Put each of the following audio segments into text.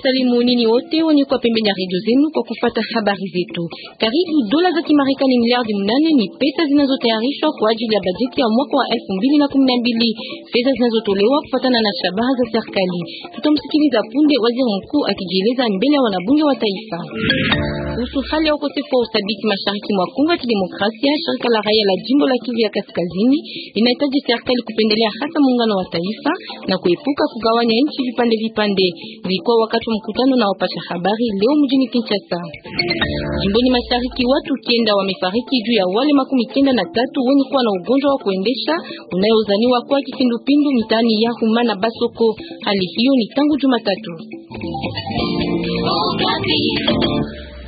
Tunawasalimu nini wote wenye kwa pembeni ya redio zenu kwa kufuata habari zetu. Karibu dola za Kimarekani miliardi mnane ni pesa zinazotayarishwa kwa ajili ya bajeti ya mwaka wa 2012, pesa zinazotolewa kufuatana na shabaha za serikali. Tutamsikiliza punde waziri mkuu akijieleza mbele ya wanabunge wa taifa kuhusu hali ya ukosefu wa uthabiti mashariki mwa Kongo ya Kidemokrasia. Shirika la raia la jimbo la Kivu ya Kaskazini linahitaji serikali kupendelea hasa muungano wa taifa na kuepuka kugawanya nchi vipande vipande. Ilikuwa wakati kwa mkutano na wapasha habari leo mjini Kinshasa. Jimboni mashariki watu kenda wamefariki juu ya wale makumi kenda na tatu wenye kuwa na ugonjwa wa kuendesha unayozaniwa kwa kipindupindu mitaani ya Huma na Basoko. Hali hiyo ni tangu Jumatatu.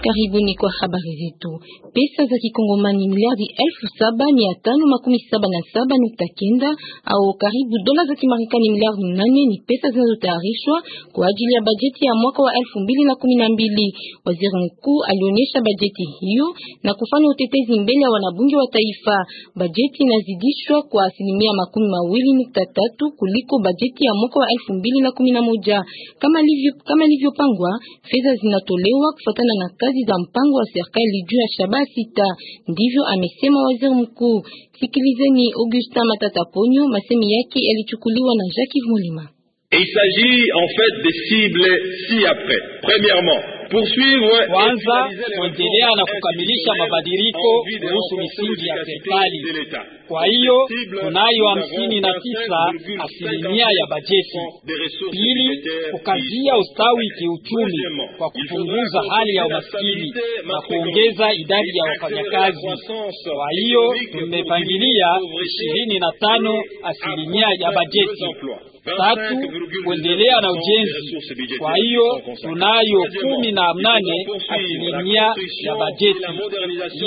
Karibuni kwa habari zetu. Pesa za kikongomani miliardi elfu saba mia tano makumi saba na saba nukta kenda au karibu dola za Kimarekani miliardi nane ni pesa zinazotayarishwa kwa ajili ya bajeti ya mwaka wa elfu mbili na kumi na mbili. Waziri mkuu alionyesha bajeti hiyo na kufanya utetezi mbele ya wanabunge wa taifa. Bajeti inazidishwa kwa asilimia makumi mawili nukta tatu kuliko bajeti ya mwaka wa elfu mbili na kumi na moja. Kama ilivyopangwa, fedha zinatolewa kufuatana na kazi kazi za mpango wa serikali juu ya shabaha sita. Ndivyo amesema waziri mkuu. Sikilizeni Augustin Matata Ponyo, masemi yake yalichukuliwa na Jacques Mulima. Il s'agit en fait des cibles si après Premièrement, poursuivre kwanza kuendelea na kukamilisha mabadiliko kuhusu misingi ya serikali kwa hiyo tunayo hamsini na tisa asilimia ya bajeti. Pili, kukazia ustawi kiuchumi kwa kupunguza hali ya umaskini na kuongeza idadi ya wafanyakazi. Kwa hiyo tumepangilia ishirini na tano asilimia ya bajeti tatu kuendelea na ujenzi. Kwa hiyo tunayo kumi na mnane asilimia ya bajeti.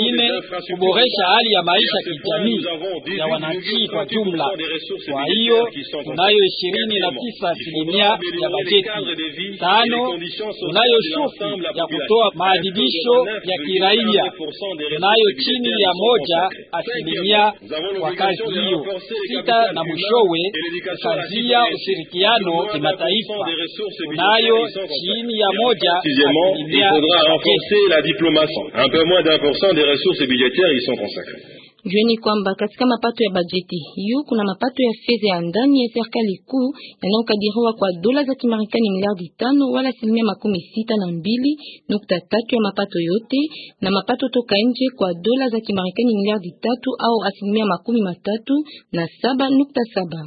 Ine kuboresha hali ya maisha kijamii ya wananchi kwa jumla. Kwa hiyo tunayo ishirini na tisa asilimia ya bajeti. Tano, tunayo shughuli ya kutoa maadhibisho ya kiraia, tunayo chini ya moja asilimia kwa kazi hiyo. Sita, na mwishowe kukazia ushirikiano kimataifa, nayo chini ya moja Jueni kwamba katika mapato ya bajeti hiyo kuna mapato ya fedha ya ndani ya serikali kuu yanayokadiriwa kwa dola za Kimarekani miliardi tano wala asilimia makumi sita na mbili nukta tatu ya mapato yote, na mapato toka nje kwa dola za Kimarekani miliardi tatu au asilimia makumi matatu na saba nukta saba.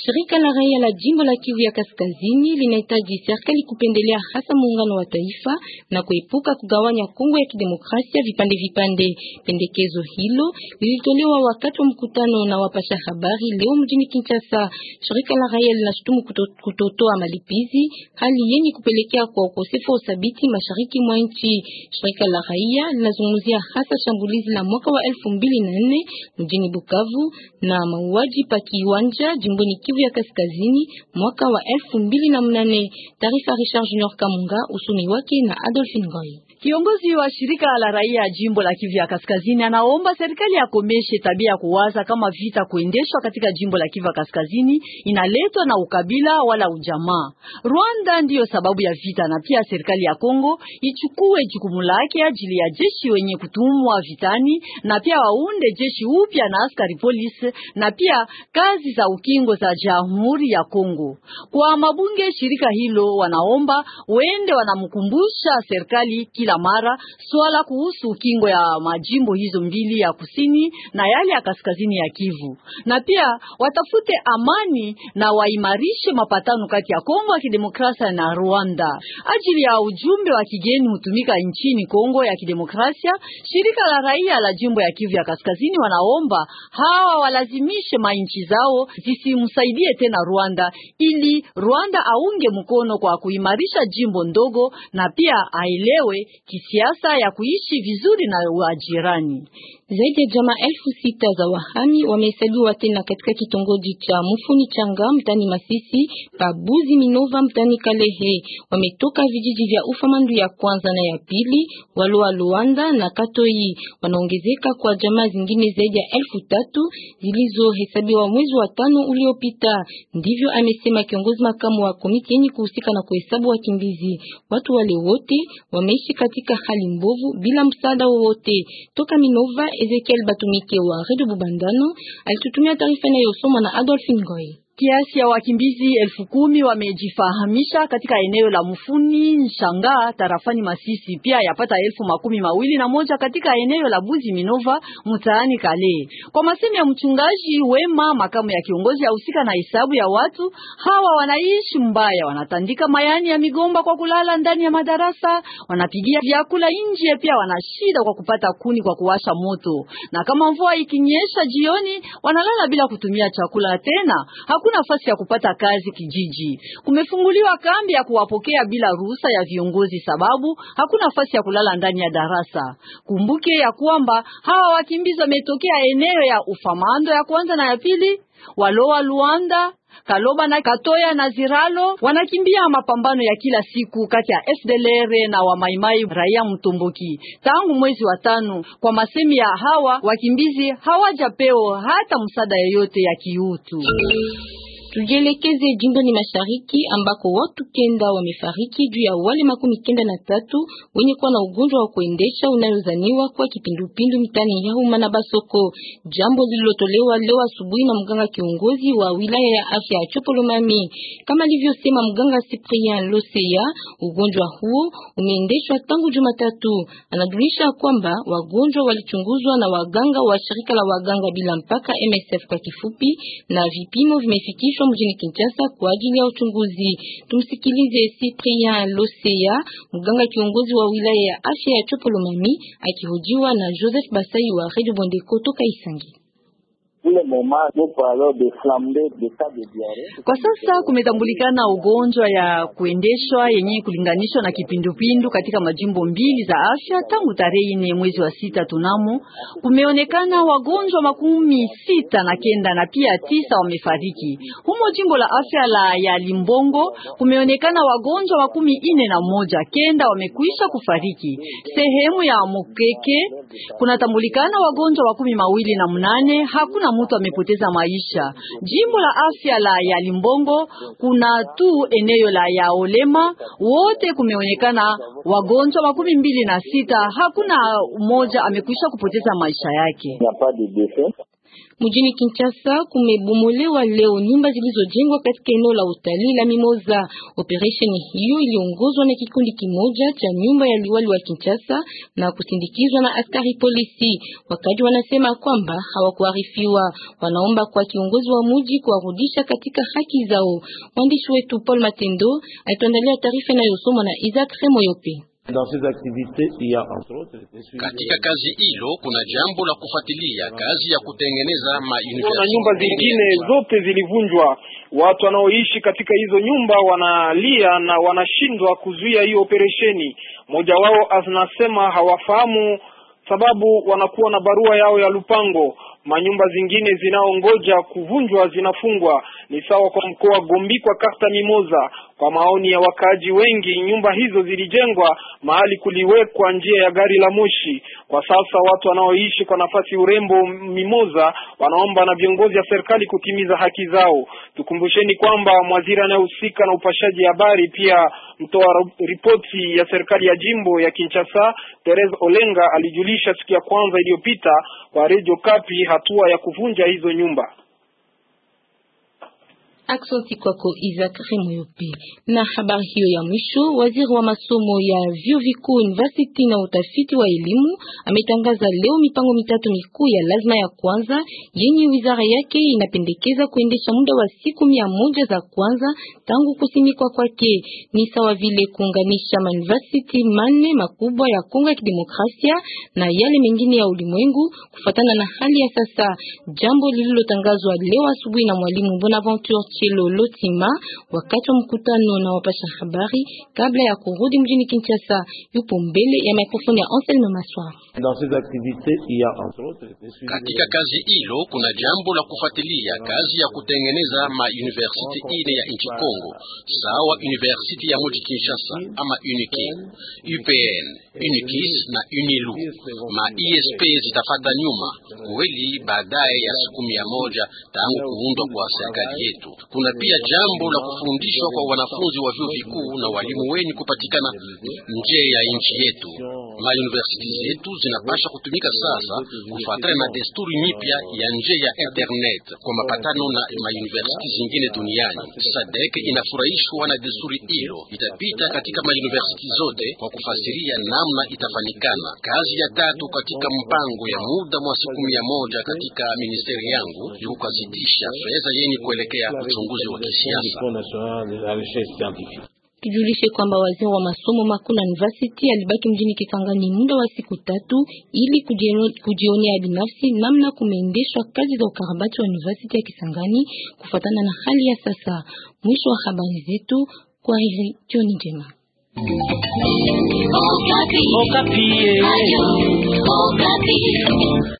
Shirika la raia la jimbo la Kivu ya Kaskazini linahitaji serikali kupendelea hasa muungano wa taifa na kuepuka kugawanya Kongo ya Kidemokrasia vipande vipande. Pendekezo hilo lilitolewa wakati wa mkutano na wapasha habari leo mjini Kinshasa. Shirika la raia linashutumu kutotoa malipizi, hali yenye kupelekea kwa ukosefu wa uthabiti mashariki mwa nchi. Shirika la raia linazungumzia hasa shambulizi la mwaka wa 2004 mjini Bukavu na mauaji pa kiwanja jimboni Kivu ya Kaskazini mwaka wa elfu mbili na mnane. Taarifa Richard Junior Kamunga, usumi wake na Adolphine goy Kiongozi wa shirika la raia jimbo la Kivu ya Kaskazini anaomba serikali akomeshe tabia ya kuwaza kama vita kuendeshwa katika jimbo la Kivu ya Kaskazini inaletwa na ukabila wala ujamaa. Rwanda ndiyo sababu ya vita, na pia serikali ya Kongo ichukue jukumu lake ajili ya jeshi wenye kutumwa vitani, na pia waunde jeshi upya na askari polisi, na pia kazi za ukingo za Jamhuri ya Kongo. Kwa mabunge shirika hilo wanaomba wende wanamkumbusha serikali kila kila mara swala kuhusu kingo ya majimbo hizo mbili ya kusini na yale ya kaskazini ya Kivu, na pia watafute amani na waimarishe mapatano kati ya Kongo ya Kidemokrasia na Rwanda. Ajili ya ujumbe wa kigeni hutumika nchini Kongo ya Kidemokrasia, shirika la raia la jimbo ya Kivu ya kaskazini wanaomba hawa walazimishe mainchi zao zisimsaidie tena Rwanda ili Rwanda aunge mkono kwa kuimarisha jimbo ndogo na pia aelewe kisiasa ya kuishi vizuri na wajirani. Zaidi ya jamaa elfu sita za wahami wamehesabiwa tena katika kitongoji cha Mufuni Changa mtani Masisi, Pabuzi Minova mtani Kalehe. Wametoka vijiji vya Ufamandu ya kwanza na ya pili, Walua Luanda na Katoi. Wanaongezeka kwa jamaa zingine zaidi ya elfu tatu zilizohesabiwa mwezi wa tano uliopita. Ndivyo amesema kiongozi makamu wa komiti yenye kuhusika na kuhesabu wakimbizi. Watu wale wote wameishi katika hali mbovu bila msaada wowote toka Minova. Ezekiel Batumike wa Radio Bubandano alitutumia taarifa inayosomwa na Adolphe Ngoi kiasi ya wakimbizi elfu kumi wamejifahamisha katika eneo la Mfuni Nshanga tarafani Masisi. Pia yapata elfu makumi mawili na moja katika eneo la Buzi Minova mtaani Kale. Kwa masemi ya mchungaji Wema, makamu ya kiongozi ya husika na hesabu ya watu hawa, wanaishi mbaya, wanatandika mayani ya migomba kwa kulala ndani ya madarasa, wanapigia vyakula nje, pia wana shida kwa kupata kuni kwa kuwasha moto, na kama mvua ikinyesha jioni wanalala bila kutumia chakula tena. Hakuna hakuna nafasi ya kupata kazi kijiji. Kumefunguliwa kambi ya kuwapokea bila ruhusa ya viongozi, sababu hakuna nafasi ya kulala ndani ya darasa. Kumbuke ya kwamba hawa wakimbizi wametokea eneo ya Ufamando ya kwanza na ya pili, Walowa Luanda Kaloba na Katoya na Ziralo wanakimbia mapambano ya kila siku kati ya FDLR na wamaimai raia Mtomboki tangu mwezi wa tano. Kwa masemi ya hawa wakimbizi, hawajapewa hata msaada yoyote ya kiutu. Tujielekeze jimboni mashariki ambako watu kenda wamefariki juu ya wale makumi kenda na tatu wenye kuwa na ugonjwa wa kuendesha unayozaniwa kwa kipindupindu mitani ya Huma na Basoko, jambo lililotolewa leo asubuhi na mganga kiongozi wa wilaya ya afya ya Chopolomami. Kama alivyosema mganga Cyprien Losea, ugonjwa huo umeendeshwa tangu Jumatatu. Anadulisha kwamba wagonjwa walichunguzwa na waganga wa shirika la waganga bila mpaka MSF kwa kifupi, na vipimo vimefikishwa kufikishwa mjini Kinshasa kwa ajili ya uchunguzi. Tumsikilize Cyprien Losea, mganga kiongozi wa wilaya ya afya ya Chopolomami, akihojiwa na Joseph Basai wa Radio Bondeko toka Isangi. Kwa sasa kumetambulikana ugonjwa ya kuendeshwa yenye kulinganishwa na kipindupindu katika majimbo mbili za afya tangu tarehe nne mwezi wa sita. Tunamo kumeonekana wagonjwa makumi sita na kenda na pia tisa wamefariki. Humo jimbo la afya la ya Limbongo kumeonekana wagonjwa makumi ine na moja, kenda wamekwisha kufariki. Sehemu ya Mukeke kunatambulikana wagonjwa makumi mawili na mnane hakuna hakuna mtu amepoteza maisha. Jimbo la afya la ya Limbongo kuna tu eneo la ya Olema wote kumeonekana wagonjwa makumi mbili na sita, hakuna mmoja amekwisha kupoteza maisha yake. Mjini Kinshasa kumebomolewa leo nyumba zilizojengwa katika eneo la utalii la Mimoza. Operation hiyo iliongozwa na kikundi kimoja cha nyumba ya liwali wa Kinshasa na kusindikizwa na askari polisi. Wakaji wanasema kwamba hawakuarifiwa, wanaomba kwa kiongozi wa mji kuwarudisha katika haki zao. Mwandishi wetu Paul Matendo aituandalia taarifa inayosomwa na Isaac Remoyope. Katika kazi hilo kuna jambo la kufuatilia kazi ya kutengeneza mauniversite. Nyumba zingine zote zilivunjwa, watu wanaoishi katika hizo nyumba wanalia na wanashindwa kuzuia hiyo operesheni. Mmoja wao anasema hawafahamu sababu wanakuwa na barua yao ya lupango. Manyumba zingine zinaongoja kuvunjwa zinafungwa, ni sawa kwa mkoa Gombi kwa kata Mimoza kwa maoni ya wakaaji wengi, nyumba hizo zilijengwa mahali kuliwekwa njia ya gari la moshi. Kwa sasa watu wanaoishi kwa nafasi urembo Mimoza wanaomba na viongozi wa serikali kutimiza haki zao. Tukumbusheni kwamba mwaziri anayehusika na upashaji habari pia mtoa ripoti ya serikali ya jimbo ya Kinshasa Therese Olenga alijulisha siku ya kwanza iliyopita kwa Radio Kapi hatua ya kuvunja hizo nyumba. Aksanti kwako Isaac Rimuyupi. Na habari hiyo ya mwisho, waziri wa masomo ya vyuo vikuu university na utafiti wa elimu ametangaza leo mipango mitatu mikuu ya lazima. Ya kwanza yenye wizara yake inapendekeza kuendesha muda wa siku mia moja za kwanza tangu kusimikwa kwake, ni sawa vile kuunganisha mauniversity manne makubwa ya Kongo ya Kidemokrasia na yale mengine ya ulimwengu kufatana na hali ya sasa, jambo lililotangazwa leo asubuhi na mwalimu Bonaventure Chilolo Tima wakati wa mkutano na wapasha habari kabla ya kurudi mjini Kinshasa. Yupo mbele ya mikrofoni ya Anselme Maswa. Katika kazi hilo kuna jambo la kufuatilia kazi ya kutengeneza ma university ine ya nchi Kongo, sawa university ya mji Kinshasa ama UNIKI, UPN, UNIKIS na UNILU. Ma ISP zitafata nyuma kweli, baadaye ya siku mia moja tangu kuundwa kwa serikali yetu kuna pia jambo la kufundishwa kwa wanafunzi wa vyuo vikuu na walimu wenye kupatikana nje ya nchi yetu. Mauniversiti zetu zinapasha kutumika sasa kufuatana na desturi mipya ya nje ya internet kwa mapatano na mauniversiti zingine duniani. Sadek inafurahishwa na desturi hilo, itapita katika mauniversiti zote kwa kufasiria namna itafanikana. Kazi ya tatu katika mpango ya muda mwa siku mia moja katika ministeri yangu ni kukazitisha fedha yenye kuelekea uchunguzi wa kisiasa. Tujulishe kwamba waziri wa masomo makuna university alibaki mjini Kisangani muda wa siku tatu ili kujionea binafsi namna kumeendeshwa kazi za ukarabati wa university ya Kisangani kufatana na hali ya sasa. Mwisho wa habari zetu, kwa heri, jioni njema. Okapi. Okapi.